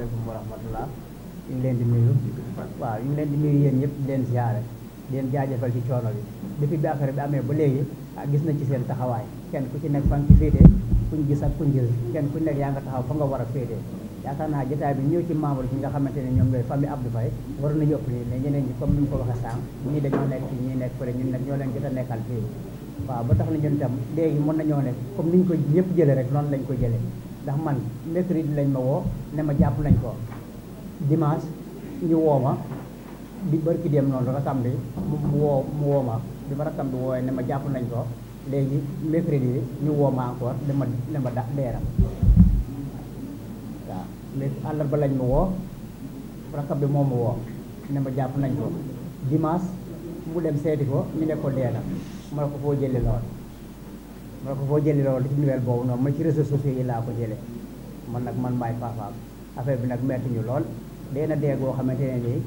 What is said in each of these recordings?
asalaamaaleykum wa rahmatullah leen di nuyu waaw ñu ngi leen di nuyu yéen ñëpp di leen ziare leen jaajëfal ci coono bi depuis bi affaire bi amee ba léegi ah gis na seen taxawaay kenn ku ci nekk fan ci féetee kuñ gis ak kuñ gis kenn ku nekk yaa nga bi ñëw ci membre yi nga xamante ne ñoom ñooy famille Abdou Faye war nañu ëpp nii ko waxee sànq ñii dañoo nekk ci ñii nekk leen jot a nekkal fii waaw ba tax na ñun tam léegi mën nañoo nekk comme niñ ko ñëpp jëlee rek noonu lañ ko jëlee ndax man mercredi lañ ma woo ne ma jàpp nañ ko dimanche ñu woo ma di barki dem noonu rakam bi mu woo mu woo ma bi ma rakam bi woowee ne ma jàpp nañ ko léegi mercredi yi ñu woo ma encore dama dama da deeram waaw léegi àllarba lañ ma woo rakam bi moom ma woo ne ma jàpp nañ ko dimanche mu dem seeti ko ñu ne ko deeram ma ne ko foo jëlee lool man ko foo jëlee loolu ci nouvelle boobu noonu man ci réseaux sociaux yi laa ko jële man nag man maay paapaam affaire bi nag metti ñu lool dee na dee goo xamante ne nii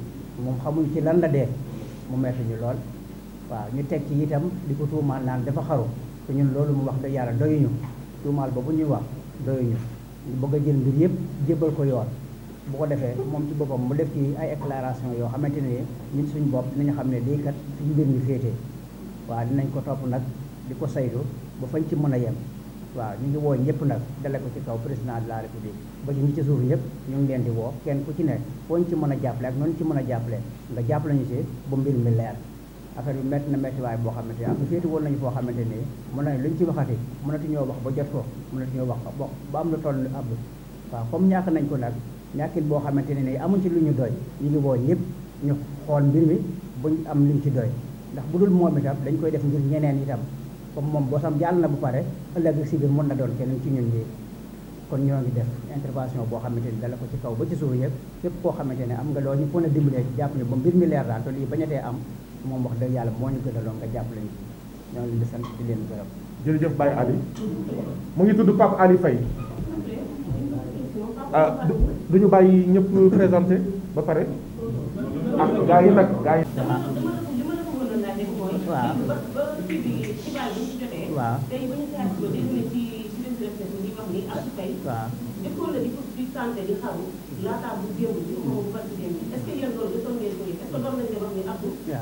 moom xamuñ ci lan la dee mu metti ñu lool waaw ñu teg ci itam di ko tuumaal naan dafa xaru te ñun loolu mu wax dëgg yàlla doyuñu tuumaal boobu ñuy wax ñu bëgg a jël mbir yëpp jébbal ko yoon bu ko defee moom ci boppam mu def ci ay déclaration yoo xamante ne ñun suñu bopp dinañu xam ne lii kat suñu mbir ñu féetee waaw dinañ ko topp nag di ko saytu ba fañ ci mën a yem waaw ñu ngi woo ñëpp nag dale ko ci kaw président de la république ba ci ñi ci suuf yëpp ñu ngi leen di woo kenn ku ci ne fooñ ci mën a jàppale ak noonu ci mën a jàppale nga jàpp ñu ci ba mbir mi leer affaire yu métti na métti waaye boo xamante ne am ah, féeti woon nañu foo xamante ni mën na luñ ci waxati mënatuñoo wax ba jot ko mënatuñoo wax ba ba am lu toll ab waaw comme ñàkk nañ ko nag ñàkkin boo xamante ne ni amuñ ci lu ñu doy ñu ngi woo ñëpp ñu xool mbir mi buñ am luñ ci doy ndax bu dul moom itam dañ koy def ngir ñeneen itam comme moom boo sam jàll na bu pare ëllëg si bi mën na doon kenn ci ñun ñi kon ñoo ngi def intervention boo xamante ni dala ko ci kaw ba ci suuf yëpp képp koo xamante ne am nga loolu ñu ko mën a dimbalee jàpp ba mbir mi leer daal te lii bañatee am moom wax dëgg yàlla moo ñu gën a loon nga jàppale lañu ñoo ngi di sant di leen gërëm jërëjëf Baye Ali mu ngi tudd Pape Ali Faye ah duñu bàyyi ñëpp présenté ba pare ah gaa yi nag yi waaw ba ba waaw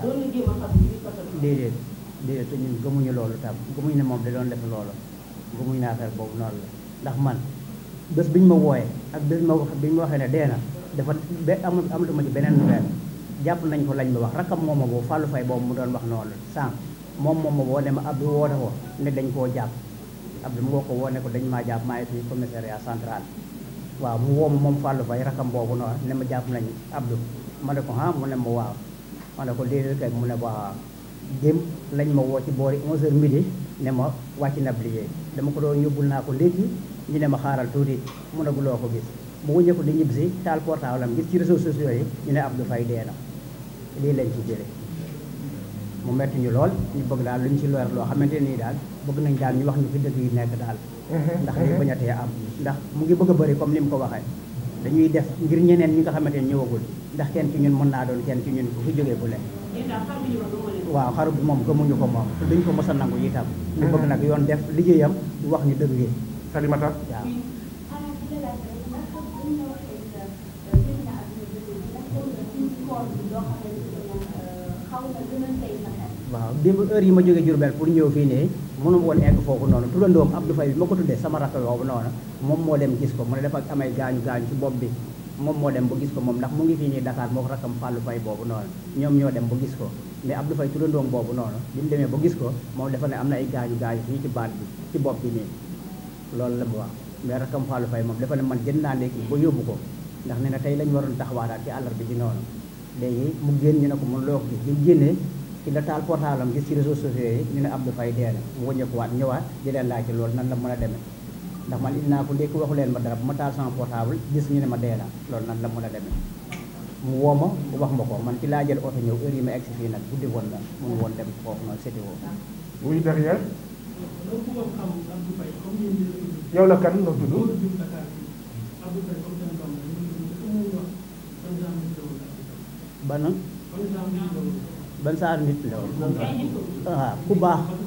loolu gisoon ngeen déedéet déedéet te ñun gëmuñu loolu tam gëmuñu ne moom da doon def loolu gëmuñu naa affaire boobu noonu la ndax man bés bi ñu ma wooyee ak bés ma wax bi ñu ma waxee ne dee na dafa be amul amatu ma ci beneen nouvelle. jàpp nañ ko lañ ma wax rakam moom ma boo fàllu fay boobu mu doon wax noonu sànq moom moom ma boo ne ma Abdou woote ko ne dañ koo jàpp Abdou moo ko woo ko dañ maa jàpp maa ngi fi commissariat waaw mu woo ma moom fàllu fay rakam boobu noonu ne ma jàpp nañ Abdou ma ne ko ah mu ne ma waaw ma ne ko déedéet kay mu ne waaw dem lañ ma woo ci boori 11h midi ne ma wàcc na liggéey dama ko doon yóbbul naa ko ndékki ñu ne ma xaaral tuuti mu ne guloo ko gis bu wëññeeku di ñibbi si taal portable am gis ci réseaux sociaux yi ñu ne Abdou Faye dee na lii lañ ci jële mu metti ñu lool ñu bëgg daal lu ñu ci leer loo xamante nii daal bëgg nañ daal ñu wax ñu fi dëgg yi nekk daal mhm. ndax lii bañ a am ndax mu ngi bëgg a bëri comme ni mu ko waxee dañuy def ngir ñeneen ñi nga xamante ñëwagul ndax kenn ci ñun mën naa doon kenn ci ñun bu fi jógee bu leen waaw xaru bi moom gëmuñu ko moom duñ ko mos a nangu tam ñu bëgg mhm. nag yoon def liggéeyam wax ñu dëgg yi salimata waaw démb heure yi ma jógee Diourbel pour ñëw fii nii mënu woon egg foofu noonu turandoom Abdou Faye bi ma ko tuddee sama rakk boobu noonu moom moo dem gis ko mu ne dafa amay gaañu ci bopp bi moom moo dem ba gis ko moom ndax mu ngi fii nii Dakar moo ko rakkam Fallou Faye boobu noonu ñoom ñoo dem ba gis ko mais Abdou Faye turandoom boobu noonu bi mu ba gis ko moom dafa ne am na ay gaañu gaañu fii ci baat bi ci bopp bi nii loolu la mu wax mais rakkam Fallou Faye moom dafa ne man jënd naa léegi ba yóbbu ko ndax ne na tey lañ waroon taxawaaraat ci àllarba ji noonu léegi mu génn ñu ne ko mun loo ko gis bi génnee ci la taal portable am gis ci réseaux sociaux yi ñu ne Abdou Faye dee na mu wëññeekuwaat ñëwaat di leen ci loolu nan la mën a demee ndax man indi naa ko ndékki waxu leen ma dara bu ma taal sama portable gis ñu ne ma dee na loolu nan la mën a demee mu woo ma wax ma ko man ci laa jël oto ñëw heure yi ma egsi fii nag guddi woon na mun woon dem foofu noonu séti woo oui ban ah? ban saar nit la woon waaw ah, ku baax waaw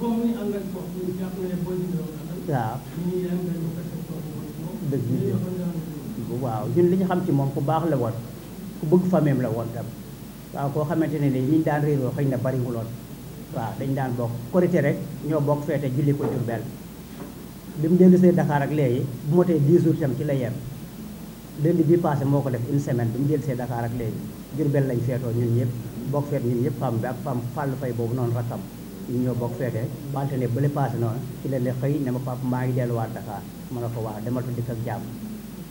dëgg waaw ñun li ñu xam ci moom ku baax la woon ku bëgg fameem la woon tam waaw koo xamante ne nii ñu daan réeroo xëy na bariwuloon waaw dañ daan bokk korité rek ñoo bokk feete julli ko Jurbel bi mu dellu see Dakar ak léegi bu motee 10 jours tam ci la yem lundi bii passé moo ko def une semaine bi mu jël see Dakar ak léegi Jurbel lañ feetoo ñun ñëpp bokk feet ñun ñëpp fam bi ak fam fàllu fay boobu noonu rakkam ñu ñoo bokk feetee wante ne bële passé noonu ci la ne xëy ne ma pap maa ngi delluwaat Dakar ma ne ko waaw demal fa dikk ak jàmm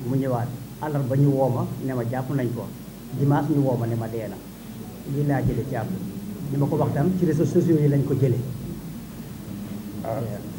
mu ñëwaat alors ba ñu wooma ne ma jàpp nañ ko dimanche ñu wooma ne ma dee na lii laa jële ci àpp li ma ko wax tam ci réseaux sociaux yi lañ ko jëlee ah.